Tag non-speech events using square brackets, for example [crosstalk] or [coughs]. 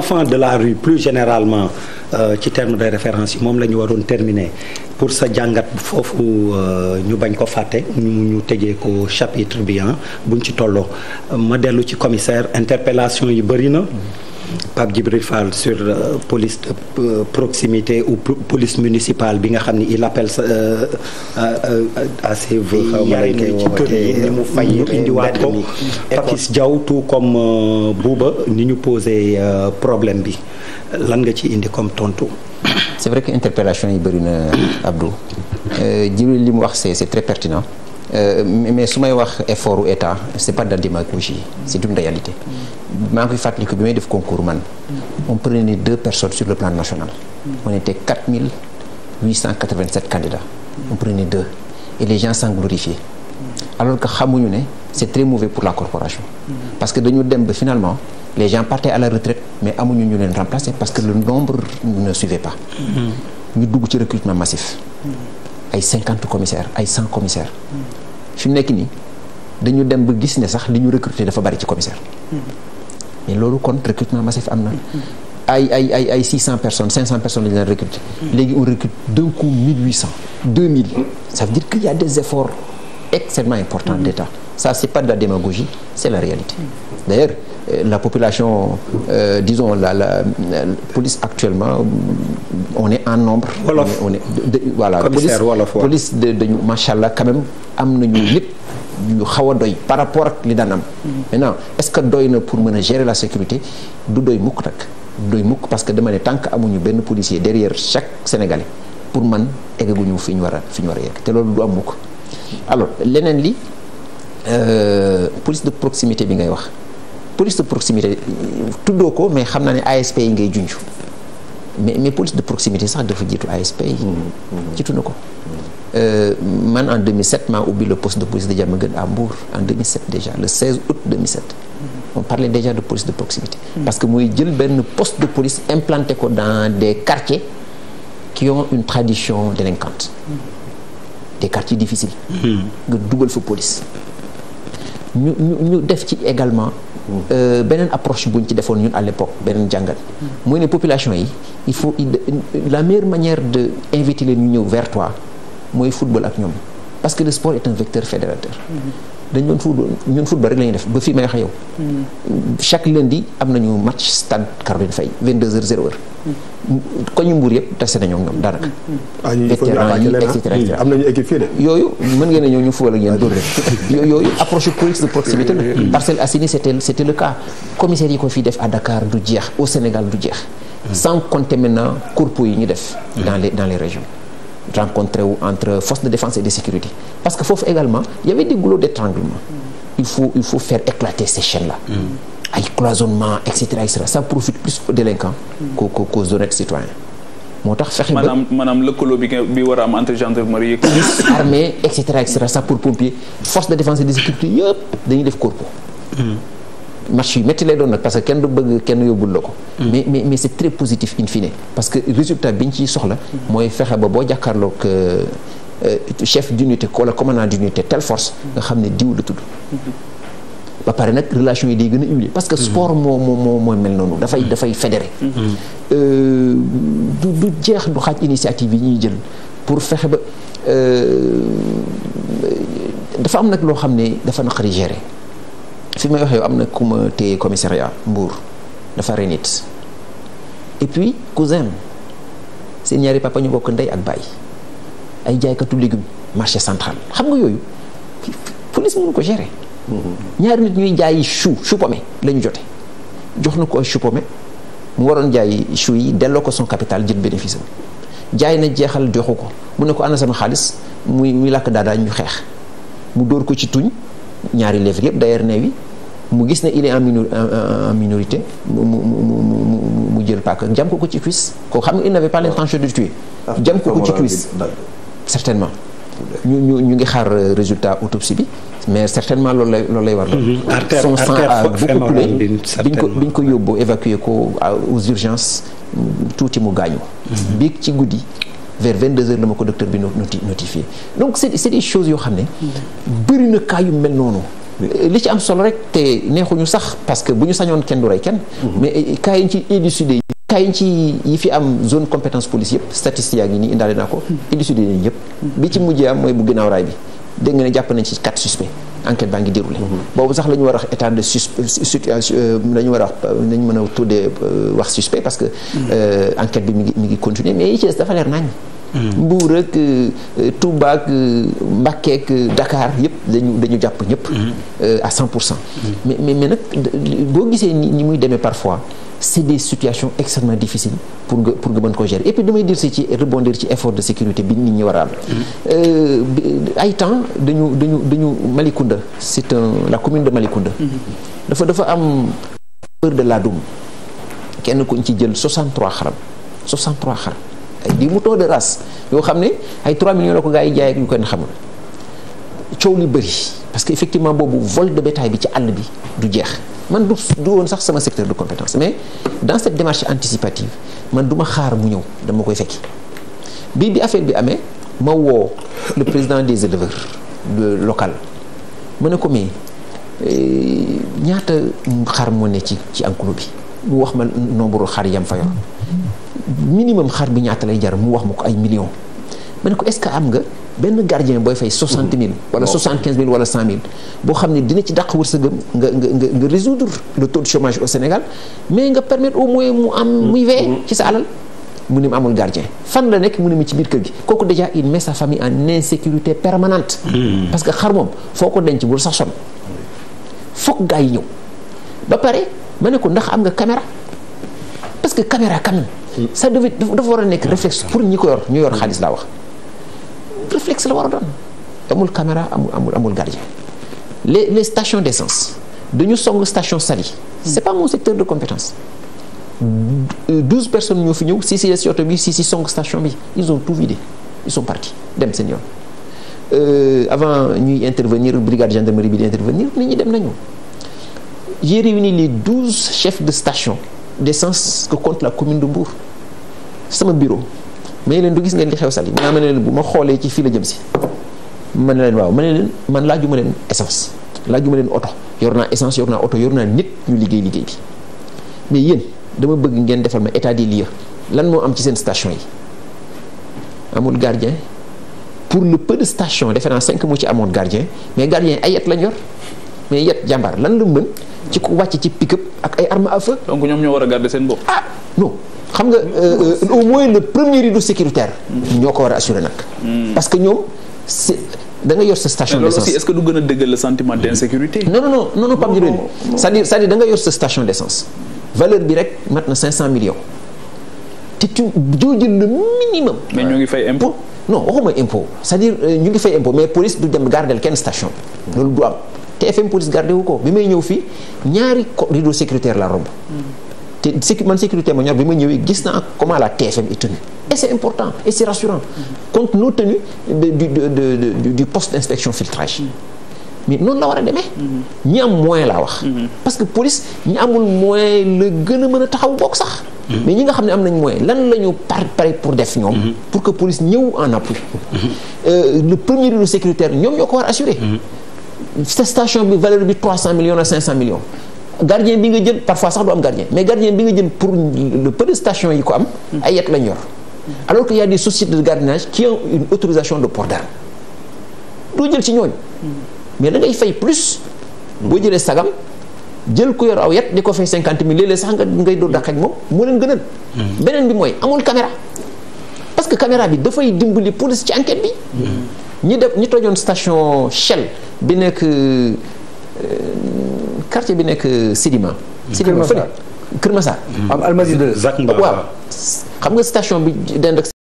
enfant de la rue plus généralement euh, ci terme de référence yi moom la ñu waroon terminer pour sa jàngat foofu euh, ñu bañ ko fàtte ñu ñu tegee ko chapitre bi buñ ci tolloo ma dellu ci commissaire interpellation yi bëri na. Pape Djibril Fall sur euh, police de euh, proximité ou police municipale bi nga xam ni il appelle sa euh, à ses voeux xaw ma lay ci tur yi ni mu fay ñu indiwaat ko Papis Diaw tout comme Bouba ni ñu posé problème bi lan nga ci indi comme tontu. c'est vrai que interpellation yi bëri na Abdou Djibril li mu wax c'est c'est très pertinent. Euh, mais su may wax effort u état c'est pas de la c'est une réalité maa ngi koy fàttali ko bi may def concours man on prenait deux personnes sur le plan national on était 4887 candidats on prenait deux et les gens s'en glorifiaient alors que xamuñu ne c'est très mauvais pour la corporation parce que dañu dem ba finalement les gens partaient à la retraite mais amuñu ñu leen remplacer parce que le nombre ne suivait pas mm-hmm. ñu dugg ci recrutement massif ay 50 commissaires ay 100 commissaires fi mu nekk nii dañu dem ba gis ne sax li ñu recruter dafa bari ci commissaire. mais loolu kon recrutement massif am na. ay ay ay ay 600 personnes 500 personnes la ñu leen recruter. léegi on recrute d'un coup 1800 2000. ça veut dire qu'il y a des efforts extrêmement importants d'État. ça c'est pas de la démagogie c'est la réalité. D'ailleurs, euh, la population, euh, disons, la, la, la, police actuellement, on est en nombre. Wolof. On est, de, de, voilà, Commissaire police, police de, de machallah quand même, am nañu nit yu xaw a doy par rapport ak li daan am. nan est-ce que doy na pour mën a gérer la sécurité du doy mukk nag doy mukk parce que dama ne tant que amuñu benn policier derrière chaque Sénégalais pour man eggaguñu fi ñu war a fi ñu war a yegg te loolu du am mukk alors leneen li euh, police de proximité bi ngay wax. police de proximité tuddoo ko mais xam naa ne ASP yi ngay junj mais mais police de proximité sax dafa jiitu ASP yi. Hmm, hmm. jiitu na ko. Euh, man en 2007 maa ubbi le poste de police de Diamaguène à Mbour en 2007 déjà le 16 août 2007. on parlait déjà de police de proximité. Hmm. parce que mooy jël benn poste de police implanté ko dans des quartiers qui ont une tradition délinquante. des quartiers difficiles. nga dugal fa police. ñu ñu ñu def ci également. Euh, beneen approche bu ñu ci defoon ñun à l'époque beneen jàngat. mooy ne population yi il faut la meilleure manière de inviter leen ñu ñëw vers toi mooy football ak ñoom parce que le sport est un vecteur fédérateur. dañ doon foot ñun football rek la def ba fii may wax yow. chaque lundi am nañu match stade Caroline Faye 22h koñu mbuur yëpp tase na ñoom ñoom daanaka. ah ñuy yi am nañu équipe fii de. yooyu mën ngeen a ñëw ñu fóol ak yéen dóor rek [laughs] yooyu approche politique de proximité la. Parcelles Assainies c'était c'était le cas commissaire yi ko fi def à Dakar du jeex au Sénégal du jeex. sans compter maintenant yi ñu def. dans les dans les régions. rencontré wu entre forces de défense et de sécurité parce que foofu également y avait des goulots d'étranglement il faut faire éclater ces chaînes-là mm. ay ça profite plus aux délinquants mm. qu'aux qu'aux citoyens moo tax fexe ba maanaam bi bi war a am entre gendarmerie police [coughs] ça pour pompier force de défense et de sécurité yëpp dañuy def corpo mm. match yu métti lay doon nag parce que kenn du bëgg yóbbul la ko. Mm. mais mais mais c'est très positif in parce que résultat bi ñu ciy soxla. mooy fexe ba boo jàkkaarloog euh, euh, chef d'unité wala commandant d'unité telle force. nga xam ne diw la tudd. ba pare nag relation yi day gën a huilé parce que mm-hmm. sport moo moo moo mooy mel noonu dafay mm-hmm. dafay fédéré. Mm-hmm. Euh, du du jeex du xaaj initiative yi ñuy jël pour fexe ba dafa am nag loo xam ne dafa naqari gérer. fi may waxee am na ku ma téye commissariat Mbour dafa rey nit et puis cousin seen ñaari papa ñu bokk ndey ak baay ay jaaykatu légumes marché central xam nga yooyu police mënu ko gérer. ñaari nit ñuy jaay chou chou pommé la jote jox na ko ay chou pommé mu waroon jaay chou yi delloo ko son capital jël bénéfice jaay na jeexal joxu ko mu ne ko na sama xaalis muy muy làkk daadaa ñu xeex mu dóor ko ci tuñ ñaari lèvres yëpp d'ailleurs neew yi mu gis ne il est en minorité mu mu jël paaka jam ko ko ci cuisse ko xam nga il n'avait pas l'intention de tuer ah, jam ko ko ci cuisse certainement ñu ñu ngi xaar euh, résultat autopsie bi mais certainement loolu lay loolu lay war la mm-hmm. son sang a beaucoup coulé biñ ko biñ ko yóbboo évacué ko aux urgences tuuti mu gaañu mm-hmm. biig ci guddi vers 22 heures la ma ko docteur bi notifié donc c'est c'est des yoo xam ne mm-hmm. bëri na cas yu mel noonu li ci am solo rek te neexuñu sax parce que bu ñu sañoon kenn du rey kenn. Mhm. mais eh, cas yi ñu ci élucidé yi. cas yi ci yi fi am zone compétence police yëpp statistique yaa ngi nii indaale naa ko. élucidé mhm. nañu yëpp. Mhm. bi ci mujjee am mooy bu ginnaaw raay bi dégg nga jàpp nañ ci quatre suspects. enquête baa ngi déroulé. boobu sax la ñu a wax de sus situation la ñu war a wax euh, euh, euh, mën a tuddee wax suspect parce que. enquête bi mi ngi mi ngi continuer mais yi ci des dafa leer nañ. Mbuur ak euh, Touba ak euh, Mbacké ak euh, Dakar yëpp dañu dañu jàpp ñëpp. Mm-hmm. à cent pour cent. Mm-hmm. mais mais nag boo gisee ni muy demee parfois. c'est des situations extrêmement difficiles pour nga pour nga mën ko gérer et damay dir ci rebondir ci effort de sécurité bi nit ñi war a mm-hmm. ay temps dañu dañu dañu Malicounda c'est un la commune de Malicounda dafa dafa am peur de la Doum kenn ñu ci jël 63 xaram 63 xar ay di moutons de race yoo xam ne ay 3 millions la ko gars yi jaay ak yu kenn xamul coow li bëri parce que effectivement boobu vol de bétail bi ci àll bi du jeex man du du woon sax sama secteur de compétence mais dans cette démarche anticipative man duma xaar mu ñëw dama koy fekki bii bi affaire bi amee ma woo le président des éleveurs de local ma ne ko mais euh, ñaata xar moo ne ci ci enclos bi. mu wax ma nombre xar yam fa yor minimum xar bi ñaata lay jar mu wax ma ko ay millions ma ne ko est-ce que am nga benn gardien booy fay soixante mille wala soixante quinze mille wala cent mille boo xam ne dina ci dàq wërsëgam nga nga nga nga résoudre le taux de chômage au Sénégal mais nga permettre au moins mu am mm. muy veye mm. ci sa alal mu ne mu amul gardien fan la nekk mu ne mu ci biir kër gi kooku déjà il met sa famille en insécurité permanente mm. parce que xar moom foo ko denc bul sax son foog gaa yi ñëw ba pare ma ne ko ndax am nga caméra parce que caméra quand même ça devait dafa war a nekk réflexe pour ñi ko yor ñu yor xaalis laa wax réflexe la war a doon amul camera amul amul amul gardien les les stations d'essence dañu song station Saly c'est pas mon secteur de compétence douze personnes ñoo fi ñëw si si des oto bi si si song station bi ils ont tout vidé ils sont partis dem seen yoon euh, avant ñuy intervenir brigade gendarmerie bi di intervenir ni ñi dem nañu j'ai réuni les douze chef de station d'essence que compte la commune de Mbour sama bureau ma leen du gis ngeen li xew sali ma ne leen bu ma xoolee ci fii la jëm si ma ne leen waaw ma ne leen man laajuma leen essence laajuma leen oto yor naa essence yor naa oto yor naa nit ñu liggéey liggéey bi mais yéen dama bëgg ngeen defal ma état li lieux lan moo am ci seen station yi amul gardien pour le peu de station defe naa cinq moo ci amoon gardien mais gardien ay yet lañ yor mais yet jàmbaar lan la ci ku wàcc ci pick ak ay armes à donc ñoom ñoo war a garder seen bopp. ah non xam nga euh, au moins le premier rideau sécuritaire. ñoo ko war a assurer nag. Hmm. parce que ñoom c'est da nga yor sa station d'essence aussi est-ce que du gën a dëggal le sentiment hmm. d'insécurité. non non non non da nga yor sa station d'essence valeur bi rek mat na 500 millions te tu doo jël le minimum. mais ñoo ngi fay impôt. non waxuma impôt sa à dire euh, ñu ngi fay impôt mais police du dem gardel kenn station. loolu du am. TFM police gardé wu ko bi may ñëw fii ñaari rideau sécuritaire la romb. te sécu man sécurité ma ñor bi ma ñëwee gis naa comment la TFM est tenue et c'est important et c'est rassurant compte nos tenues du du du du poste d'inspection filtrage. mais noonu la war a demee. ñi am moyen laa wax. parce que police ñi amul moyen la gën a mën a taxaw book sax. mais ñi nga xam ne am nañ moyen lan la ñu pare pare pour def ñoom. pour que police ñëw en appui. Euh, le premier rideau sécuritaire ñoom ñoo ko war station bi valeur bi 300 millions à 500 millions gardien bi nga jël parfois sax du am gardien mais gardien bi nga jël pour le peu station yi ko am. ay yet lañ yor. alors que y a des sociétés de gardiennage qui ont une autorisation de port d'arme doo jël ci ñooñ mais da ngay fay plus. boo jëlee sagam jël ku yor aw yet di ko fay cinquante mille léeg-léeg sax nga ngay doo dàq ak moom moo leen gënal. Hmm. beneen bi mooy amul caméra. parce que caméra bi dafay dimbali police ci enquête bi. Hmm. ñi def ñi tojoon station Shell bi nekk euh, quartier bi nekk Sidima. Sidima fële Kër Massar. am Almadies de. waaw xam nga station bi dend ak